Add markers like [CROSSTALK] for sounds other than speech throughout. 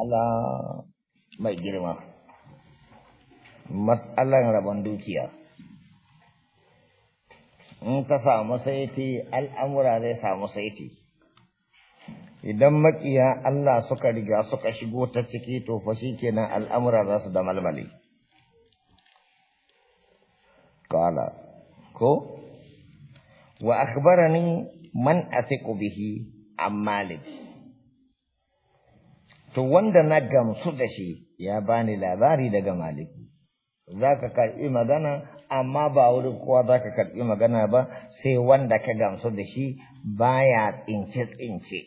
mas'ala mai girma mas'alan rabon dukiya in ka samu saiti al'amura zai samu saiti idan maƙiya Allah suka riga suka shigo ta ciki to fa kenan al'amura za su da malmali kala ko wa akbarani man athiqu bihi am malik to wanda na gamsu da shi ya bani labari daga maliki za ka karɓi magana amma ba wurin kowa za ka karɓi magana ba sai wanda ka gamsu da shi baya tsince-tsince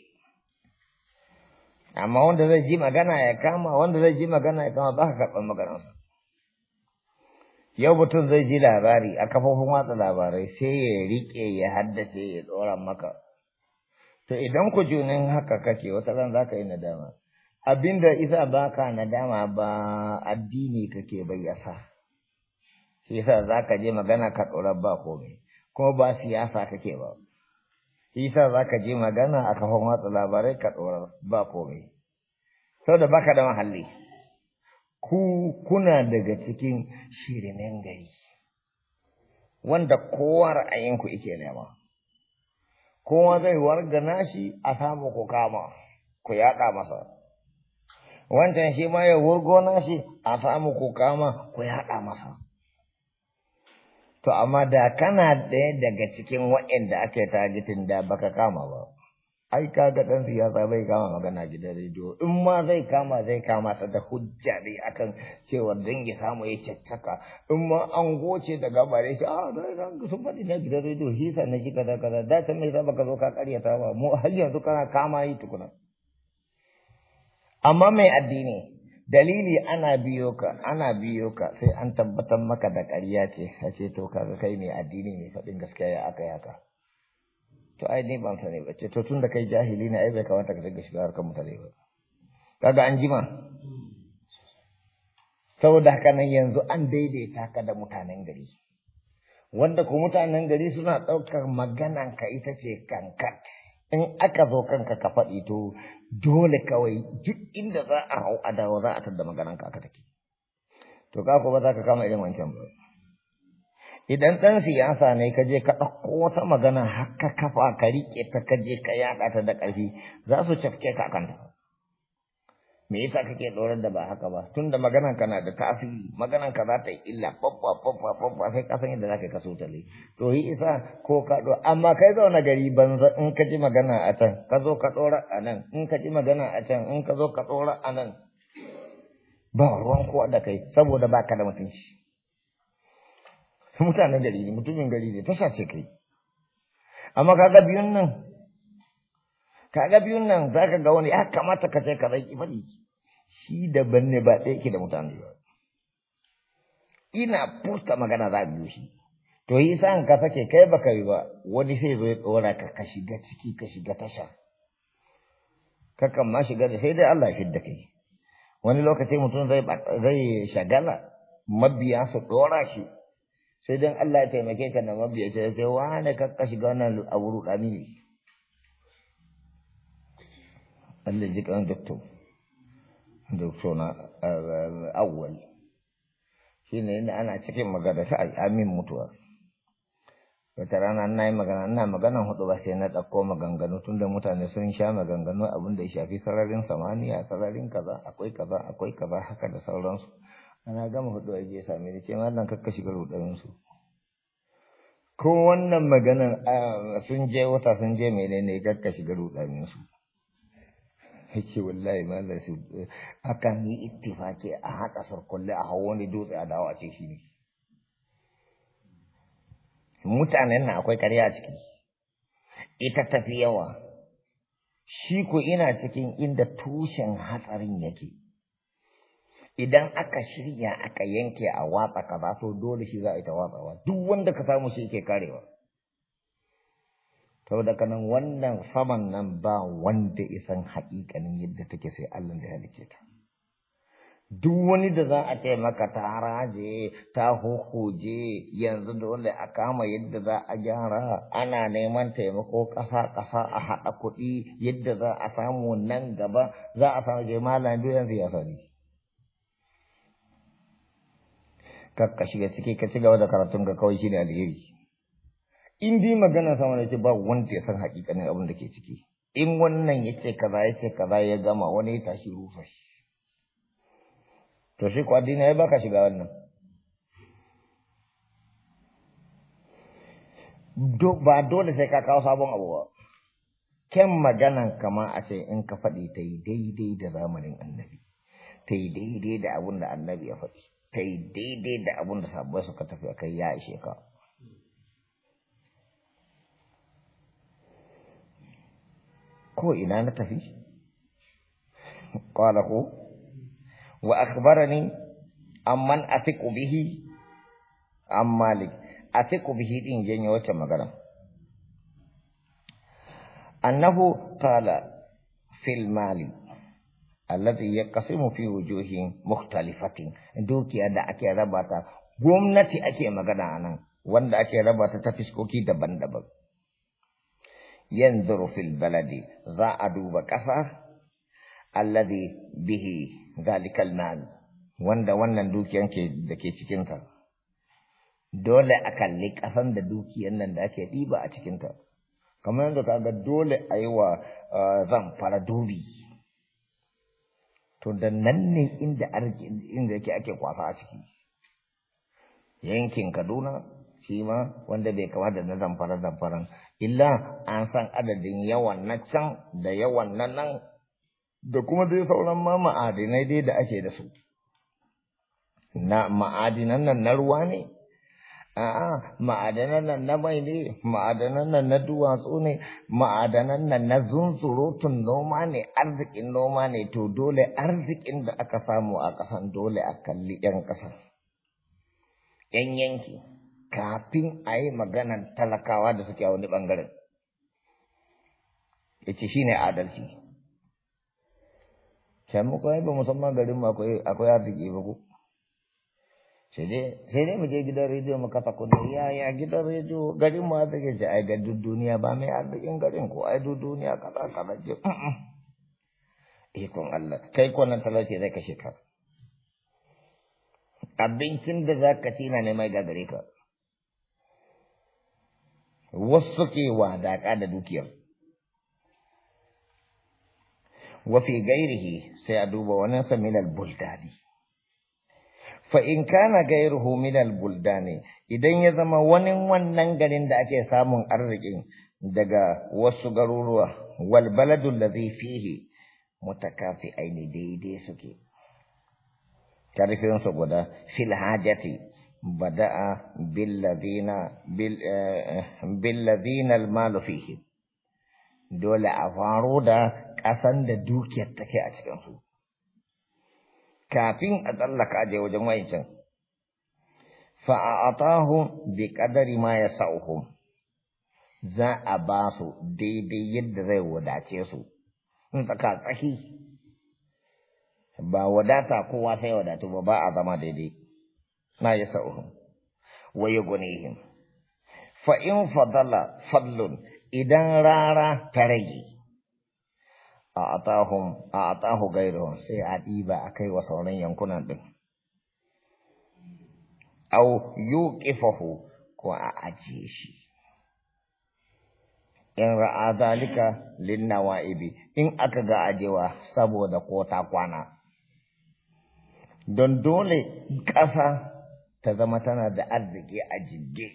amma wanda zai ji magana ya kama wanda zai ji magana ya kama ba ka karɓar maganarsa yau mutum zai ji labari a kafofin watsa labarai sai ya riƙe ya haddace ya tsoron maka to idan ku junin haka kake wata ran za ka yi nadama abinda isa baka nadama ba addini kake bayyasa shi yasa zaka je magana ka dora ba komai kuma ba siyasa kake ba shi yasa zaka je magana a kafan watsa labarai ka dora ba komai da baka da mahalli ku kuna daga cikin shirinin gari wanda kowa ra'ayinku ike nema kowa zai warga nashi a samu ku kama ku yaɗa masa wancan shi ma ya wurgo shi, a samu ku kama ku yaɗa masa to amma da kana ɗaya daga cikin waɗanda ake tagitin da baka kama ba ai ga ɗan siyasa bai kama magana gidan rediyo in ma zai kama zai kama ta da hujja ne akan cewar dangi samu ya caccaka in ma an goce daga bare shi a ah, ya zanga sun faɗi na gidan rediyo hisa na shi kaza kaza da ta mai sa baka zo ka karyata ba mu har yanzu kana kama yi tukuna amma mai addini dalili ana biyo ka ana biyo ka sai an tabbatar maka da ƙarya ce a ce to kaga kai mai addini mai faɗin gaskiya ya aka yaka to ai ni ban sani ba ce to tun da kai jahili ne ai bai kamata ka dinga shiga harkar mutane ba kaga an jima saboda haka nan yanzu an daidaita ka da mutanen gari wanda ko mutanen gari suna ɗaukar maganan ka ita ce kankat in aka zo kanka ka faɗi to dole kawai duk inda za a hau a dawo za a tadda maganan ka aka take to ka ba za ka kama irin wancan ba idan ɗan siyasa ne ka je ka ɗauko wata magana har ka kafa ka riƙe ta ka je ka yaɗa ta da ƙarfi za su cafke ka kanta me yasa kake tsoron da ba haka ba tun da maganan kana da tasiri maganan ka za ta yi illa babba babba babba sai ka san yadda zaka kaso ta lai to yi isa ko ka do amma kai zauna gari banza in ka ji magana a can ka zo ka tsora a nan in ka ji magana a can in ka zo ka tsora a nan ba ruwan kowa da kai saboda ba ka da mutunci mutanen gari ne mutumin gari ne ta sace kai amma kaga biyun nan kaga biyun nan ka ga wani ya kamata ka ce ka zai ki shi daban ne ba ɗaya ke da mutane ba ina furta magana za a biyo shi to yi sa ka sake kai baka yi ba wani sai zo ya ɗora ka ka shiga ciki ka shiga tasha kakan ma shiga da sai dai Allah ya fidda kai wani lokaci mutum zai shagala mabiya su ɗora shi sai dan Allah ya taimake ka na mabiya sai sai wane kakka shiga wannan abu ruɗa mini? Allah ji kan doktor doktor eh, eh, awwal shi ne ana cikin magana sai amin mutuwa wata rana na yi magana ina magana hudu ba sai na ɗauko maganganu tunda mutane sun sha maganganu abin da ya shafi sararin samaniya sararin kaza akwai kaza akwai kaza haka da sauransu ana gama hudu a je sami ne ce wannan kakka shiga rudarin su ko wannan maganar ah, sun je wata sun je menene kakka shiga rudarin yake wallahi ma su eh, akan yi ittifaki a haka sarkulle a hawo ne dutse a dawo a ce shi ne mutanen nan akwai karya a ciki ita tafi yawa shi ko ina cikin inda tushen hatsarin yake idan aka shirya aka yanke a watsa kaza to dole shi za a yi watsawa duk wanda ka samu shi yake karewa wadda kanan wannan saman nan ba wanda isan haƙiƙanin yadda take sai Allah da halice ta duk wani da za a ce maka ta haraje ta hukuje yanzu dole a kama yadda za a gyara ana neman taimako ƙasa ƙasa a haɗa kuɗi yadda za a samu nan gaba za a samu je malam biyu yanzu ya sani kakka shiga ciki ka ci gaba da karatun ka kawai shi ne alheri in bi magana sama da ke ba wanda ya san hakikanin abin da ke ciki in wannan ya ce kaza ya ce kaza ya gama wani ya tashi rufa shi to shi ko addini ya baka shiga wannan ba dole sai ka kawo sabon abu ba kyan maganan kama a ce in ka faɗi ta yi daidai da zamanin annabi ta yi daidai da abin da annabi ya faɗi ta yi daidai da abin da sabuwar suka tafi a kai ya ishe ka. ko ina na tafi qala ko wa akhbarani amman athiqu bihi am malik athiqu bihi din janyo wata magana annahu qala fil mali alladhi yaqsimu fi wujuhin mukhtalifatin dukiya da ake rabata gwamnati ake magana anan wanda ake rabata ta fiskoki daban-daban yanzuru fil baladi za a duba ƙasa alladhi bihi zalikal mal wanda wannan dukiyan ke da ke cikinta dole a kalli ƙasan da dukiyan nan da ake ɗiba a cikinta kamar yadda kaga dole a yi wa zan fara dubi to da nan ne inda yake ake kwasa a ciki yankin kaduna shi ma wanda bai kama da na zamfara zamfaran illa an san adadin yawan na can da yawan na nan da kuma dai sauran ma ma'adinai dai da ake da su na ma'adinan nan na ruwa ne a'a ma'adanan nan na mai ne ma'adanan nan na duwatsu ne ma'adanan nan na zunzurutun noma ne arzikin noma ne to dole arzikin da aka samu a ƙasan dole a kalli 'yan ƙasan 'yan yanki kafin a yi maganan talakawa da suke a wani bangaren Ya ce shi ne adalci. Sai muku ba musamman garin mu akwai arziki ba ku. Sai dai mu je gidan rediyo mu kasa kunne ya ya gidan rediyo garin mu arziki ce ai ga duk duniya ba mai arzikin garin ko ai duk duniya kaza kaza ce. Ikon Allah kai kwanan talauci zai kashe ka. Abincin da za ka ci na neman gagare ka. wasu ke wadaƙa da dukiyar wafi gairihi sai a duba waninsa milal buldani fa in kana gairuhu milal buldani idan ya zama wani wannan garin da ake samun arzikin daga wasu garuruwa wal baladul zai fihi mutakafi aini daidai suke karfin su guda fil hajati badaa بالذين بال بالذين المال dole a faro da ƙasan da dukiyar take a cikinsu kafin a tsallaka je wajen wayancan fa'atahu bi qadari ma yasauhum za a ba su daidai yadda zai wadace su in tsaka tsaki ba wadata kowa sai wadatu ba ba a zama daidai ما يسعهم ويغنيهم فإن فضل فضل إذا رارا تري أعطاهم أعطاه غيرهم سيعديبا أكي وصولين ينكون به أو يوقفه وأعجيشي in ra'a zalika lin nawa'ibi in aka ga ajewa saboda kota kwana don dole kasa ta zama tana da arziki a jibge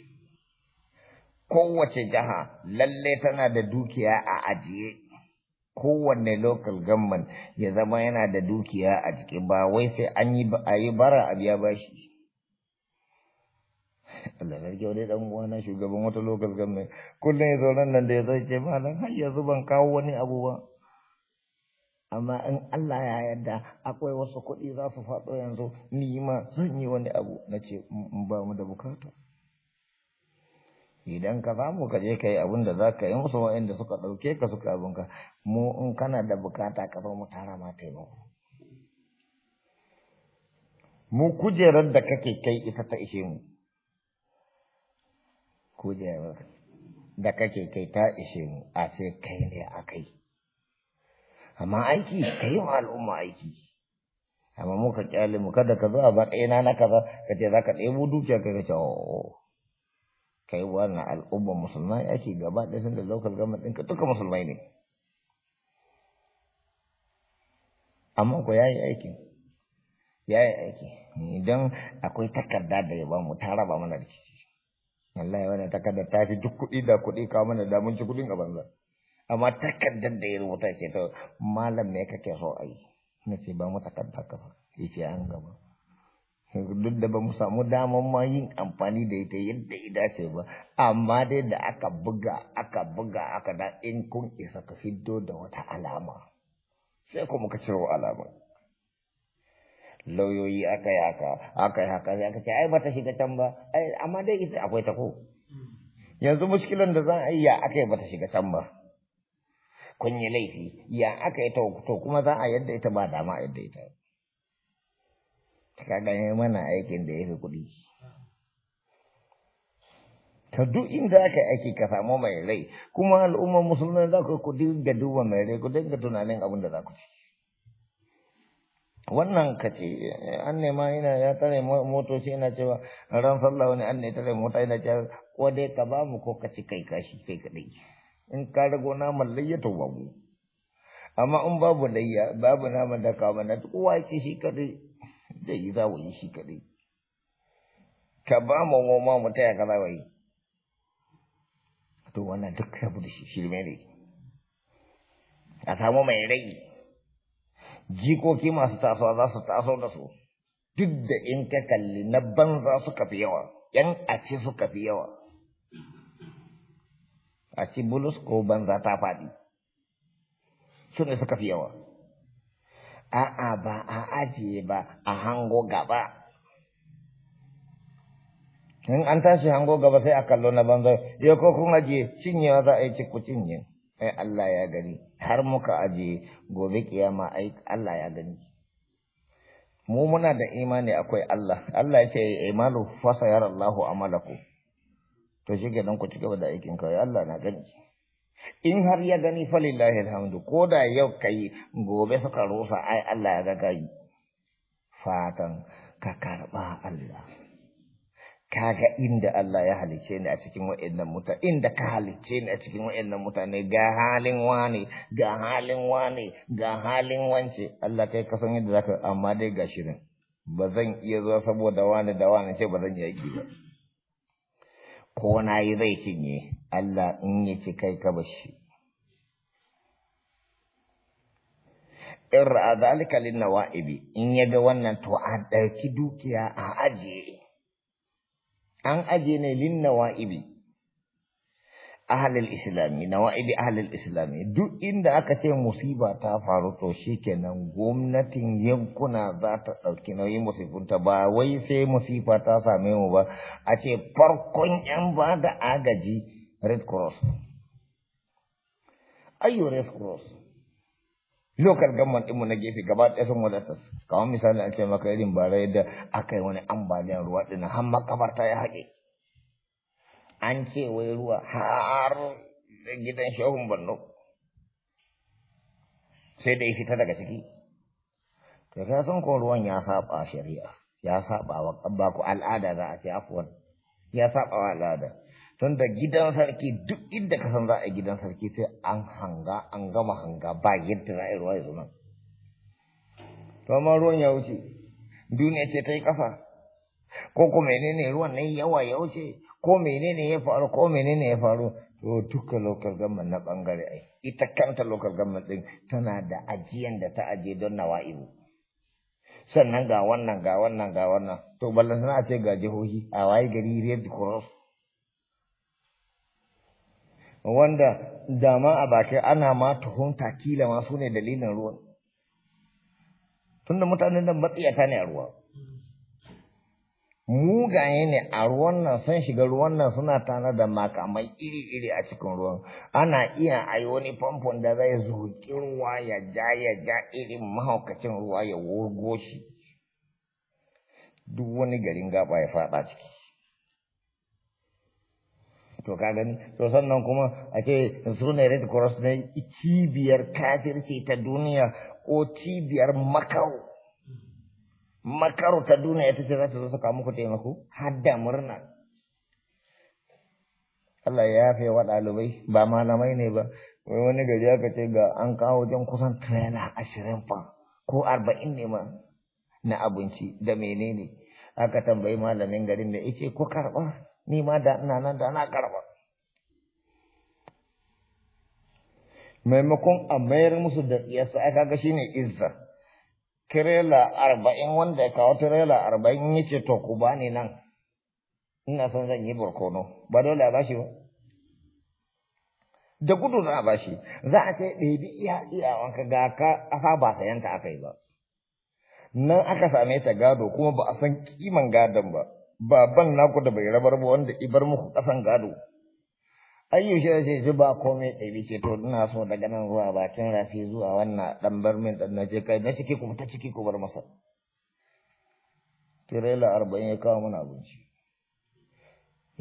kowace jiha lalle tana da dukiya a ajiye kowanne local government ya zama yana da dukiya a jiki ba wai sai an yi a yi bara a biya bashi Allah sarki wani dan uwana shugaban wata local government kullum ya zo nan da ya zai ce malam har yanzu ban kawo wani abu ba amma in Allah ya yarda akwai wasu kuɗi za su faɗo yanzu ni ma zan yi wani abu na ce mm, ba mu da bukata idan ka samu ka je ka yi abin da za ka yi musu wa'inda suka ɗauke ka suka ka, mu in kana da bukata ka zo mu tara ma taimako mu kujerar da kake kai ita ta ishe mu kujerar da kake kai ta ishe mu a sai kai ne a kai amma aiki ka yi wa al'umma aiki amma mu ka kyale mu kada ka zo a baka ina na kaza ka ce za ka ɗebo dukiya kai ka ce o oh, kai wannan al'umma musulmai ake gaba ɗaya sun da gama din ka duka musulmai ne amma ko ya yi yayi ya yi aiki idan akwai takarda da ya ba mu ta raba mana rikici wallahi wannan takarda ta fi duk kuɗi da kuɗi kawo mana mun ci kuɗin a banza amma takardar da ya rubuta ce to malam me kake so a yi na ce ba mu takarda kasa ya ce an gaba duk da ba mu samu damar ma yin amfani da ita yadda ya dace ba amma dai da aka buga aka buga aka da in kun isa ka fiddo da wata alama sai kuma ka ciro alama lauyoyi aka yi haka aka yi haka aka ce ai bata shiga can ba amma dai ita akwai ta ko hmm. yanzu mushkilan da zan ya aka yi bata shiga can ba kun laifi ya aka yi to kuma za a yadda ita ba dama a yadda ita ka gane mana aikin da ya fi kuɗi ta duk inda aka aiki ka samu mai rai kuma al'ummar musulman za ku ku dinga duba mai rai ku dinga tunanin abin da za ku ci wannan ka ce an nema ina ya tare motoci ina cewa ran sallah wani an ne tare mota ina cewa ko dai ka ba mu ko ka ci kai kashi kai kaɗai in ka rago naman layya to babu amma in babu layya babu naman da kama na kowa ce shi kadai zai yi wa yi shi kadai ka ba mu goma mu taya ka zawo yi to wannan duk rabu da shi shi ne a samu mai rai jikoki masu tasowa za su taso da su duk da in ka kalli na banza suka fi yawa ‘yan a ce suka fi yawa. a ci bulus ko banza ta faɗi su suka fi yawa a'a ba a ajiye ba a hango gaba in an tashi hango gaba sai a kallo na banza ya ko kun ajiye cinyewa za a yi ciku cinye ai eh, Allah ya gani har muka ajiye gobe kiyama ai Allah ya gani mu muna da imani akwai Allah Allah yake imanu fasayar Allahu amalakum to shi ke ku ci gaba da aikin kawai Allah na gani in har ya gani falillahi alhamdu ko da yau kai gobe suka rusa ai Allah ya ga kai fatan ka karba Allah kaga inda Allah ya halice ni a cikin wa'annan mutane inda ka halice ni a cikin wa'annan mutane ga halin wani ga halin wani ga halin wance Allah kai ka san yadda zaka amma dai ga shirin ba zan iya zuwa saboda wani da wani ce ba zan yi aiki ba ko na yi zai cinye Allah in ya ci kai ka bashi Irra ra'a zalika lin nawa'ibi in ya ga wannan to a ɗauki dukiya a ajiye an ajiye ne lin nawa'ibi ahalil islami nawa'idi ahalil islami duk inda aka ce musiba ta faru to shikenan gwamnatin yankuna za ta ɗauki nauyin musifunta ba wai sai musifa ta same mu ba a ce farkon yan ba da agaji red cross ayo red cross local government ɗinmu na gefe gaba ɗaya sun wadatas kawai misali an ce maka irin bara yadda aka yi wani ambaliyar ruwa ɗin har makabarta ya haƙe an ce wai ruwa har gidan shehun Borno sai da ya fita daga ciki to ka san ko ruwan ya saba shari'a ya saba wa ba ku al'ada za a ce afwan ya saba wa al'ada tun da gidan sarki duk inda ka san za a gidan sarki sai an hanga an gama hanga ba yadda za a ruwa ya zuma to amma ruwan ya wuce duniya ce ta yi ƙasa ko kuma menene ruwan nan yawa ya wuce ko menene ya faru ko menene ya faru to duka local government na bangare ai ita kanta local government din tana da ajiyan da ta aje don nawa'ibu sannan ga wannan ga wannan ga wannan to ballan sana ce ga jihohi a waye gari red cross wanda dama a baki ana ma tuhunta kila ma su ne dalilin ruwan tunda mutanen nan matsiyata ne a ruwa mugaye ne a ruwan nan sun shiga ruwan nan suna tana da makamai iri-iri a cikin ruwan ana iya ayi wani famfon da zai zuƙi ruwa ya ja ya ja irin mahaukacin ruwa ya wurgo shi duk wani garin gaba ya faɗa ciki to ka gani to sannan kuma a ce su ne red cross ne cibiyar kafirci ta duniya ko cibiyar makau makaru ta duniya ita ce za ta zo saka muku taimako har da murna Allah ya yafe wa ɗalibai ba malamai ne ba wai wani gari aka ce ga an kawo wajen kusan tirela ashirin fa ko arba'in ne ma na abinci da menene aka tambayi malamin garin da ice ko karɓa ni ma da ina nan da na karɓa maimakon a mayar musu da iyasa aka ga shine izza tirela arba'in wanda ya kawo tirela arba'in ya ce to ku ba ni nan ina son zan yi barkono ba dole a bashi ba da gudu za a bashi za a ce ɗebi iya wanka ga ka afa ba sayanta aka yi ba nan aka same ta gado kuma ba a san kiman gadon ba baban naku da bai rabar ba wanda ibar muku kasan gado ayyushe ce ji ba komai ɗari ce to ina so daga nan zuwa bakin rafi zuwa wannan ɗan barmin ɗan na je kai na ciki ku ta ciki ku bar masa tirela arba'in ya kawo mana abinci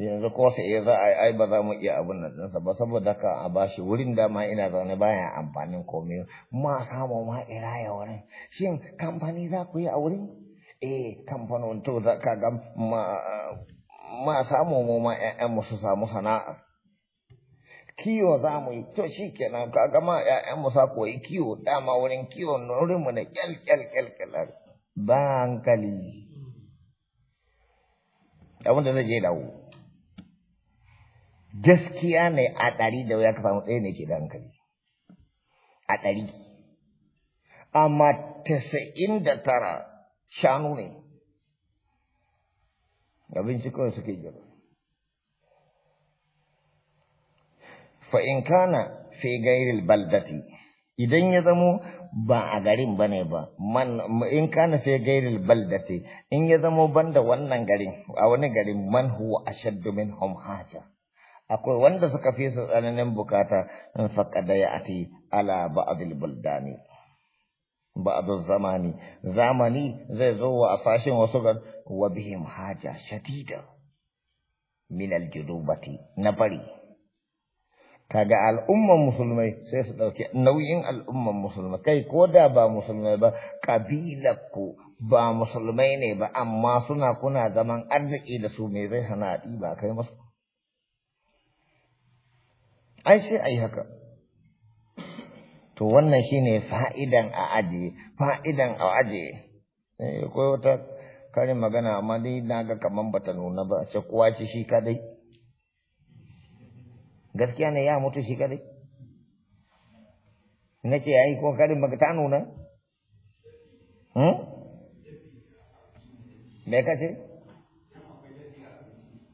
yanzu ko sai za a ai ba za mu iya abin nan ɗinsa ba saboda ka a bashi wurin da ma ina zaune baya amfanin komai ma samu ma ira ya wurin shin kamfani za ku yi a wurin eh kamfanin to za ka ga ma samu mu ma ƴaƴan mu su samu sana'a kiwo za mu yi to shi kenan ka gama ‘ya'yan mu sa yi kiwo dama wurin kiwo nurin mu na kyalkyal kyalkyal ba hankali abin da zai je dawo gaskiya ne a ɗari da ka samu ɗaya ne ke da hankali a ɗari amma tasa'in da tara shanu ne abinci kawai suke jira fa in kana fi gairil baldati idan ya zamo ba a garin bane ba man in kana fi gairil baldati in ya zamo banda wannan garin a wani garin man huwa ashaddu minhum haja akwai wanda suka fi su tsananin bukata in faqada ya'ti ala ba'dil buldani ba'dul zamani zamani zai zo wa asashin wasu gar wa bihim haja shadida min aljudubati na bari kaga al'umman musulmai sai su ɗauki nauyin al'umman musulmai kai ko da ba musulmai ba ƙabilar ku ba musulmai ne ba amma suna kuna zaman arziki da su me zai hana ba kai masu ai sai ai haka to wannan shine fa'idan a aje fa'idan a ajiye eh, akwai wata karin magana amma dai na ga kaman bata nuna ba sai kowa ci shi kadai gaskiya ne ya mutu shi kadai na ce ya yi kokarin baka ta nuna hmm? me ka ce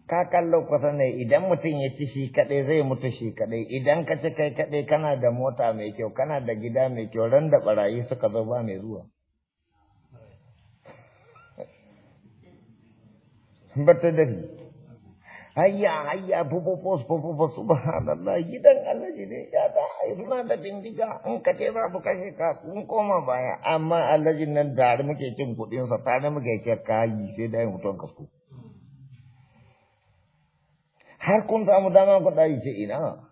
ka kallo kusa ne idan mutun ya ci shi kadai zai mutu shi kadai idan ka ci kai kadai kana da mota mai kyau kana da gida mai kyau ran da barayi suka zo ba mai zuwa bata ta dafi hayya hayya fufufus fufufus subhanallah gidan Allah ne ya da suna da bindiga in ka ce za kashe ka kun koma baya amma Allah nan da muke cin kuɗin sa tare muke ce yi sai da mutum su har kun samu dama ku dai ce ina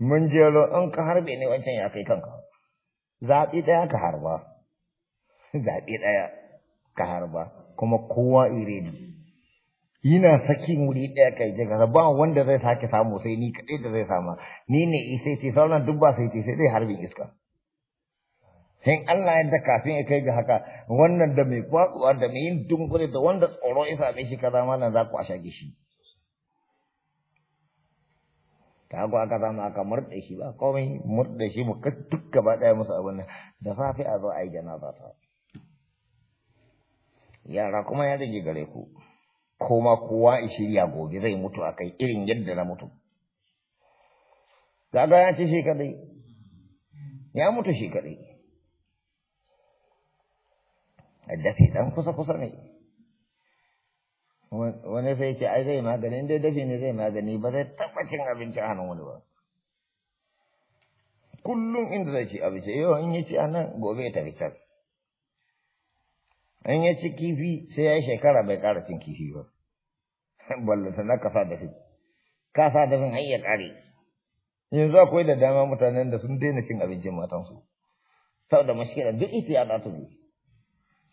mun jelo in ka harbe ne wancan ya kai kanka zaɓi ɗaya ka harba zaɓi ɗaya ka harba kuma kowa ne Ina sakin wuri ɗaya kai je ba wanda zai sake samu sai ni kaɗai da zai sama ni ne isai ce sauran duk ba sai ce sai dai harbin iska sai Allah yadda kafin ya kai ga haka wannan da mai kwatsuwa da mai yin dunkure da wanda tsoro ya same shi kaza nan za ku asha gishi. ta ga aka zama aka murɗe shi ba komai murɗe shi mu duk gaba ɗaya musu abin nan da safe a zo a yi janaza ta yara kuma ya rage gare ku koma kowa ya shirya gobe zai mutu a kai irin yadda na mutu kaga ya ce shi kadai ya mutu shi kadai dafi dan kusa kusa ne wani sai ce ai zai magani dai dafi ne zai magani ba zai taɓa cin abinci a hannun wani ba kullum inda zai ci abinci yau in yi ci a nan gobe ya tafi can in ya ci kifi sai ya yi shekara bai ƙara cin kifi ba [LAUGHS] ballata na kasa da shi kasa da sun hayya kare yanzu akwai da dama mutanen da sun daina cin abincin matansu saboda mashkila duk isiya ya da bi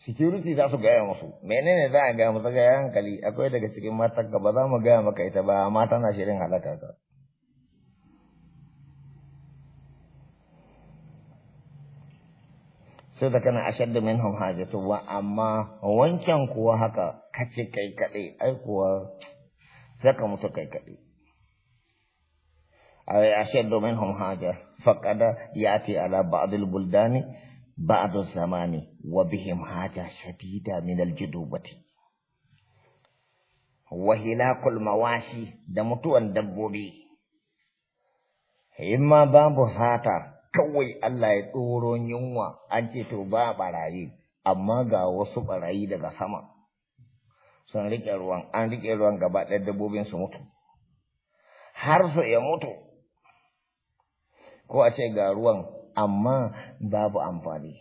security za su gaya musu menene za a gaya musu gaya hankali akwai daga cikin matan ka ba za mu gaya maka ita ba amma tana shirin halaka ta sai da kana ashaddu minhum hajatu wa amma wancan kuwa haka kace kai kaɗai ai kuwa za ka mutu kai kaɗai a ashe domin hum haja faƙada ya ce ala ba'adul buldani ba'adul zamani wa bihim haja shadida min aljudubati wa hilakul mawashi da mutuwan dabbobi imma babu sata kawai Allah ya tsoron yunwa an ce to ba barayi amma ga wasu barayi daga sama sun riƙe ruwan an riƙe ruwan gaba ɗaya dabbobin su mutu har su ya mutu ko a ce ga ruwan amma babu amfani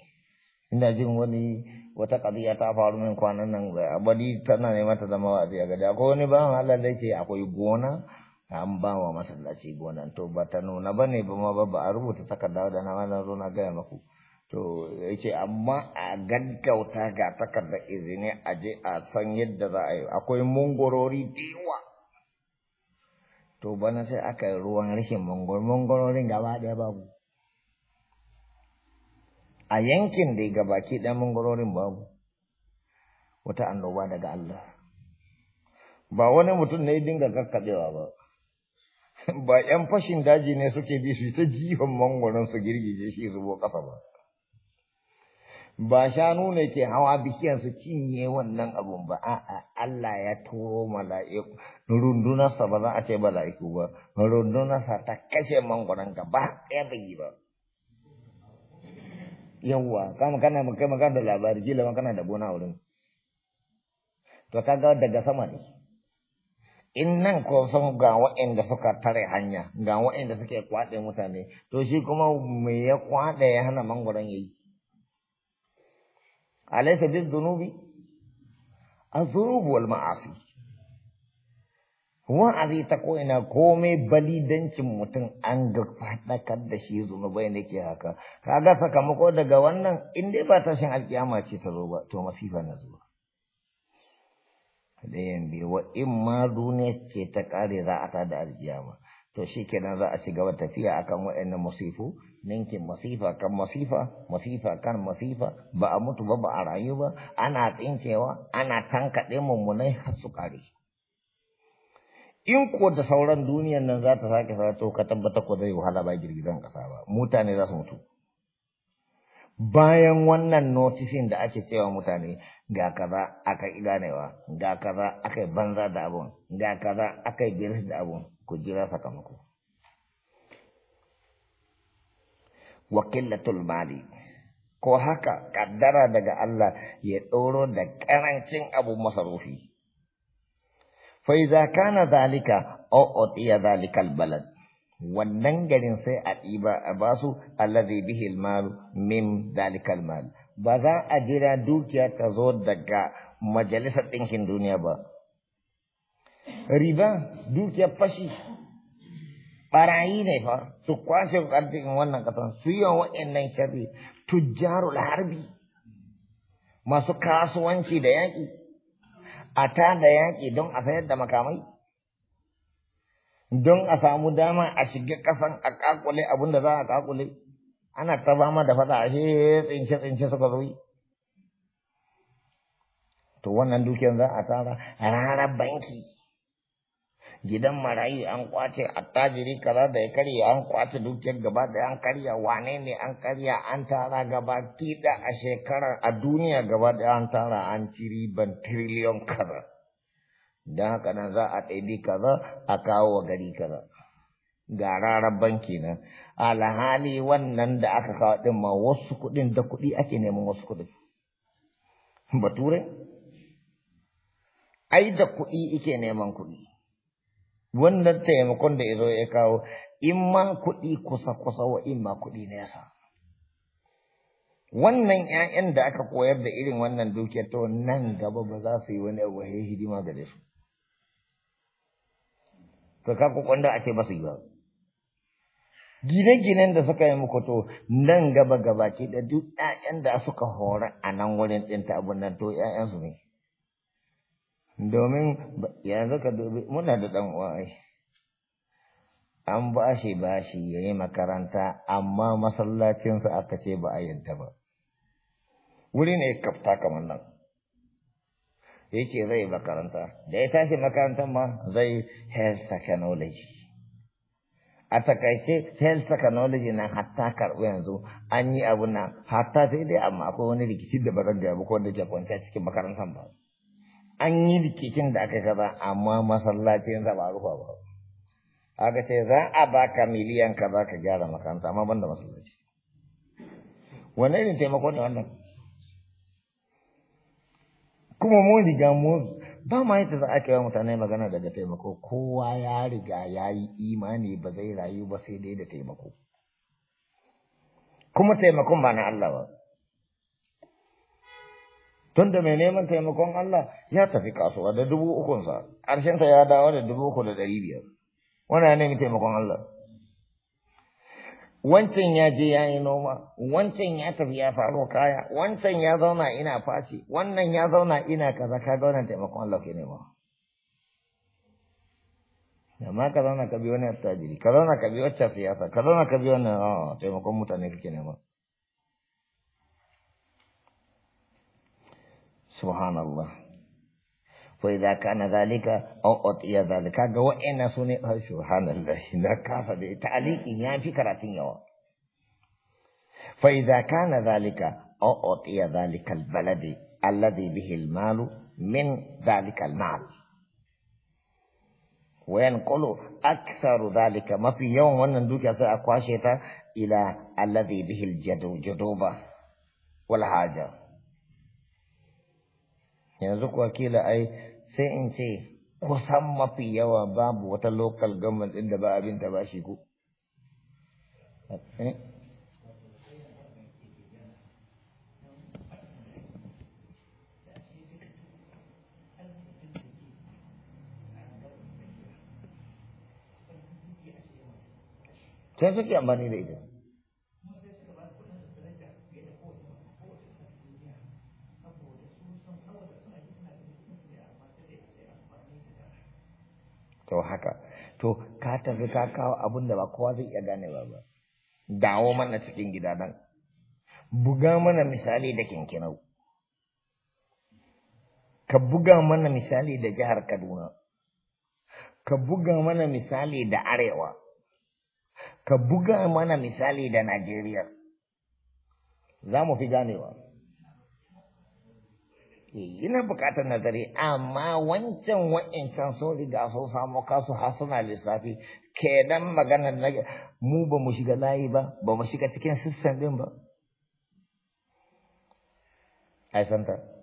ina jin wani wata ƙabiya ta faru min kwanan nan ga abadi tana neman ta zama wa a gada akwai wani bawan Allah da yake akwai gona an ba wa masallaci gonan to ba ta nuna ba ne ba ma ba a rubuta takarda da na zo na gaya maku To yake amma a gaggauta ga takarda izini a je a san yadda za a yi akwai mungorori diwa. To bana sai aka yi ruwan rashin mungoro mungororin gaba ɗaya babu. A yankin dai gabaki ɗaya mungororin babu. Wata annoba daga Allah. Ba wani mutum ne dinga kakkaɓewa ba. Ba ‘yan fashin daji ne suke bi su ta jihon mangwaron su girgije shi zubo ƙasa ba. ba shanu ne ke hawa bishiyar su cinye wannan abun ba a'a Allah ya turo mala'iku rundunarsa ba za a ce mala'iku ba rundunarsa ta kashe mangwaron ba ɗaya bai yi ba yawwa ka magana mu kai magana da labari kila magana da gona wurin to kaga daga sama ne in nan ko san ga waɗanda suka tare hanya ga waɗanda suke kwaɗe mutane to shi kuma me ya kwaɗe ya hana mangwaron yayi alaysa bidh-dhunubi az-zurub wal ma'asi wa'azi ta ko ina komai balidancin mutum an ga fadakar da shi zunubai ne ke haka ga sakamako daga wannan in dai ba tashin alkiyama ce ta zo ba to masifa na zuwa ɗayan biyu in ma duniya ce ta ƙare za a ta da alkiyama to shi kenan za a ci gaba tafiya akan waɗannan musifu ninki masifa kan masifa masifa kan masifa ba a mutu ba ba a rayu ba ana tsincewa ana tankaɗe mummunai har su ƙare in ko da sauran duniyan nan za ta sake sato ka tabbata ko zai wahala ba girgizan ƙasa ba mutane za su mutu bayan wannan notisin da ake cewa mutane ga kaza aka ganewa ga kaza aka yi banza da abun ga kaza aka yi da abun ku jira sakamako wa qillatul mali ko haka kaddara daga Allah ya tsoro da karancin abu masarufi fa idza kana zalika aw utiya zalikal balad wannan garin sai a ɗiba a basu allazi bihi almal min zalikal mal ba za a jira dukiya ta zo daga majalisar ɗinkin duniya ba riba dukiyar fashi barayi ne fa su kwashe arzikin wannan kasan su yi wa'annan tujjaru tujjarul harbi masu kasuwanci da yaƙi a ta da yaƙi don a sayar da makamai don a samu dama a shiga ƙasan a ƙaƙule abin za a ƙaƙule ana ta fama da faɗa shi tsince tsince suka zo to wannan dukiyar za a tara ranar banki gidan marayu an kwace attajiri kaza da ya karya an kwace dukiyar gaba da an karya wane ne an karya an tara gaba kida a shekarar a duniya gaba da an tara an ci riban tiriliyon kaza don haka nan za a ɗaiɗi kaza a kawo wa gari kaza ga rarar banki nan alhali wannan da aka kawo ɗin ma wasu kuɗin da kuɗi ake neman wasu kuɗin bature ai da kuɗi ike neman kuɗi wannan taimakon da izo ya kawo in ma kuɗi kusa-kusa wa in ma kuɗi nesa. Wannan ‘ya'yan da aka koyar da irin wannan dukiyar to nan gaba ba za su yi wani abu hidima ga su. To ka ku kwanda a ba su yi ba. Gine-ginen da suka yi muku to nan gaba gaba ke da duk ‘ya'yan da suka hora a nan wurin ɗinta abin nan to ‘ya'yansu ne. domin yanzu ka dubi muna da ɗan uwai an ba shi ba shi ya yi makaranta amma masallacinsa aka ce ba a yadda ba wuri ne kafta kamar nan yake eh, zai makaranta da ya tashi makarantar ma zai health technology a takaice health technology na hatta karɓi yanzu an yi abu na hatta sai dai amma akwai wani rikici da ba zan ba ko da ke kwanciya cikin makarantar ba an yi rikicin da aka gaba amma masallacin za ba rufa ba aka ce za a baka miliyan ka za ka gyara makaranta amma banda masallaci wanne irin taimako ne wannan kuma mun riga mu ba ma yadda za a wa mutane magana daga taimako kowa ya riga ya yi imani ba zai rayu ba sai dai da taimako kuma taimakon ba na Allah ba tun da mai neman taimakon Allah ya tafi kasuwa da dubu ukunsa ƙarshensa ya dawo da dubu uku da ɗari biyar wannan ya nemi taimakon Allah wancan ya je ya yi noma wancan ya tafi ya faro kaya wancan ya zauna ina fashi wannan ya zauna ina kaza ka ga wannan taimakon Allah ke nema amma ka zauna ka bi wani attajiri ka zauna ka bi wacce siyasa ka zauna ka bi wannan ah, taimakon mutane kake nema سبحان الله فإذا كان ذلك أو أطيع ذلك وإن سنة سبحان الله نكاف بتعليق يعني في كراتين يوم فإذا كان ذلك أو أطيع ذلك البلد الذي به المال من ذلك المال وينقل أكثر ذلك ما في يوم ونندوك أكواشيتا إلى الذي به الجدوبة والحاجة yanzu kuwa kila ai sai in ce kusan mafi yawa babu wata lokal government inda da ba abin ta ba shi ku eh? sai suke amfani da to haka to ka tafi ka kawo abin da ba kowa zai iya ganewa ba dawo mana cikin gida nan buga mana misali da kinkinau ka buga mana misali da jihar kaduna ka buga mana misali da arewa ka buga mana misali da najeriya za mu fi ganewa yana bukatar nazari amma wancan wa'incan sun riga sun samu kasu har suna lissafi kenan maganar na mu ba mu shiga layi ba ba mu shiga cikin sistem din ba ai santa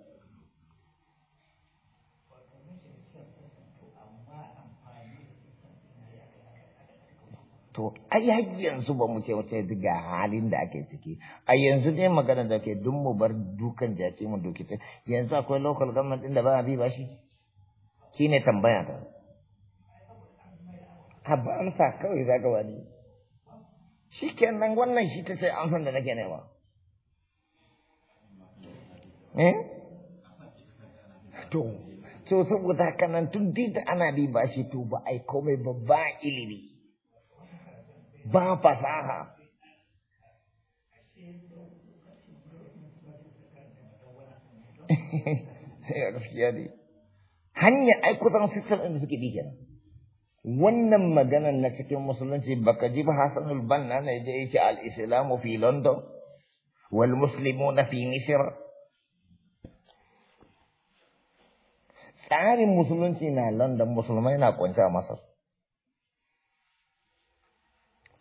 to ai yanzu ba mu ce wace ga halin da ake ciki a yanzu ne magana da ke dun mu bar dukan jaki mu doki ce yanzu akwai local government din da ba a bi ba shi ne tambaya ta ba amsa kawai za ka wani shi nan wannan shi ta ce amsan da nake nema eh to so saboda kanan tun da ana bi ba shi to ba ai komai ba ba ilimi ba fasaha [LAUGHS] ya gaskiya hanya ai kusan system ɗin suke bi kenan wannan maganan na cikin musulunci baka ji ba Hassanul Banna ne da yake al-Islamu fi London wal muslimuna fi Misr tsarin musulunci na London musulmai na kwanci a Masar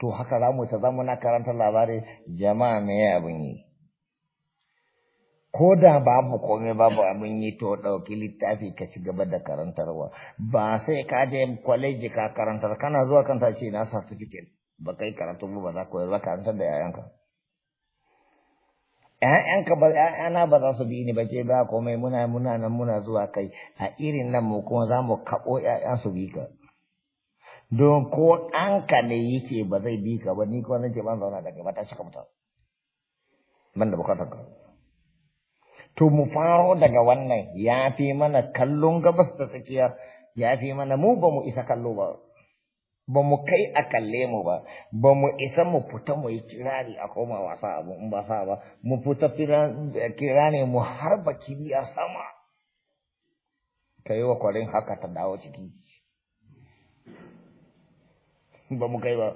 to haka za mu ta zama na karanta labari jama'a me ya abin yi ko da babu komai babu abin yi to ɗauki littafi ka ci gaba da karantarwa ba sai ka je kwaleji ka karantar kana zuwa kanta ce na certificate ba kai karatu ba za ka ba karantar da yayanka ‘Ya'yanka ba ‘ya'yana ba za su bi ni ba ce ba komai muna muna nan muna zuwa kai a irin nan mu kuma za mu kaɓo ‘ya'yan su bi ka. don ko anka ne yake ba zai bi ka ba ni ko nake ban zauna da ba ta shaka mutum ban da bukatar ka to mu faro daga wannan ya fi mana kallon gabas da tsakiya ya fi mana mu ba mu isa kallo ba ba mu kai a kalle mu ba ba mu isa mu fita mu yi kirari a koma wasa abu in ba sa ba mu fita kirani mu harba kibi a sama ka yi wa kwarin haka ta dawo ciki [LAUGHS] ba mu kai ba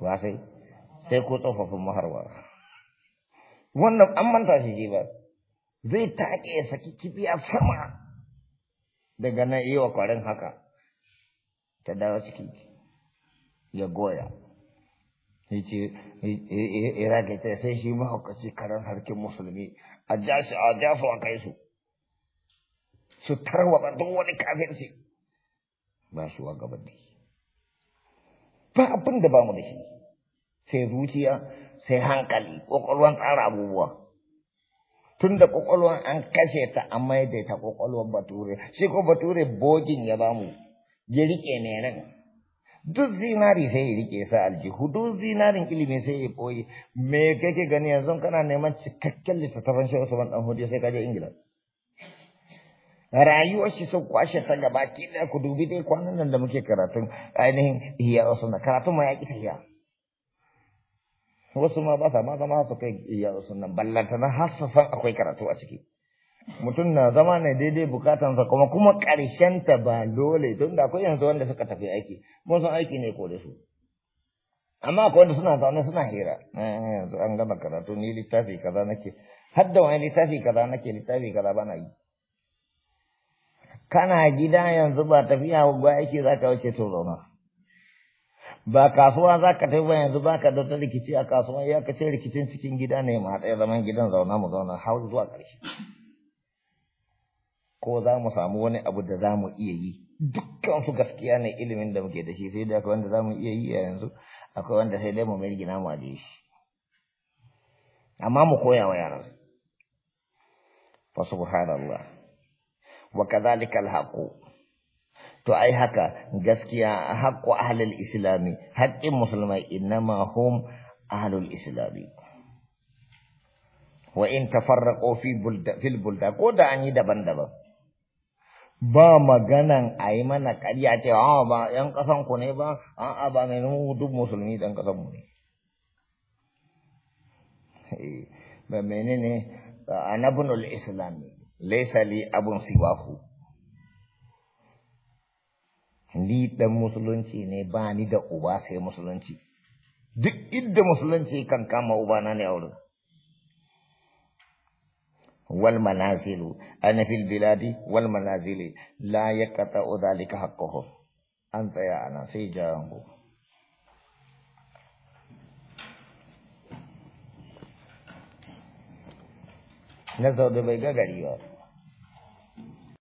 ba sai sai ko tsofaffin maharwa wannan an manta shi ji ba zai take ya saki a sama daga nan yi wa kwarin haka ta dawo ciki ya goya yace iraki ta sai shi mahaukaci karan harkin musulmi a jafa a kai su su ba duk wani kafin su ba shi wa shi ba abin da ba mu da shi sai zuciya sai hankali ƙwaƙwalwan tsara abubuwa tun da ƙwaƙwalwan an kashe ta an maidaita ƙwaƙwalwan bature shi ko bature bogin ya bamu ya riƙe ne nan duk zinari sai ya riƙe sa aljihu duk zinarin ilimi sai ya ɓoye me kake gani yanzu kana neman cikakken littattafan shi ban dan Hudu sai ka je Ingila rayuwar shi sun kwashe ta gaba ke da ku dubi dai kwanan nan da muke karatun ainihin iya wasu na karatun ma ya ƙi tafiya wasu ma ba sa ma zama su kai iya wasu nan ballanta na hassasan akwai karatu a ciki mutum na zama ne daidai bukatansa kuma kuma ƙarshen ta ba dole tun da akwai yanzu wanda suka tafi aiki mun san aiki ne ko da su amma akwai wanda suna zaune suna hira yanzu eh, an gama karatu ni littafi kaza nake har da wani littafi kaza nake littafi kaza bana yi kana gida yanzu ba tafiya ba yake za ka wuce to zauna ba kasuwa za ka tafi ba yanzu ba ka dauta rikici a kasuwa ya ka rikicin cikin gida ne ma ɗaya zaman gidan zauna mu zauna har zuwa ƙarshe ko za mu samu wani abu da za mu iya yi dukkan su gaskiya ne ilimin da muke da shi sai dai akwai wanda za mu iya yi a yanzu akwai wanda sai dai mu mai gina mu aje shi amma mu koya wa yaran fa subhanallah wa kadhalika alhaqu to ai haka gaskiya haqqu ahlul islami haqqin musulmai ma hum ahlul islami wa in tafarraqu fi bulda fil bulda ko da an yi daban-daban ba maganan a mana kariya ce a ah, ba ‘yan ƙasanku ne ba a ba mai duk musulmi kasan mu ne eh, ba menene anabinul islami laisa li abun siwaku ni dan musulunci ne ba ni da uba sai musulunci duk idda musulunci kan kama na ne aure. wal manazil ana fil biladi wal manazil la yaqta dhalika haqqahu an tsaya ana sai ku. na zaune bai ga ba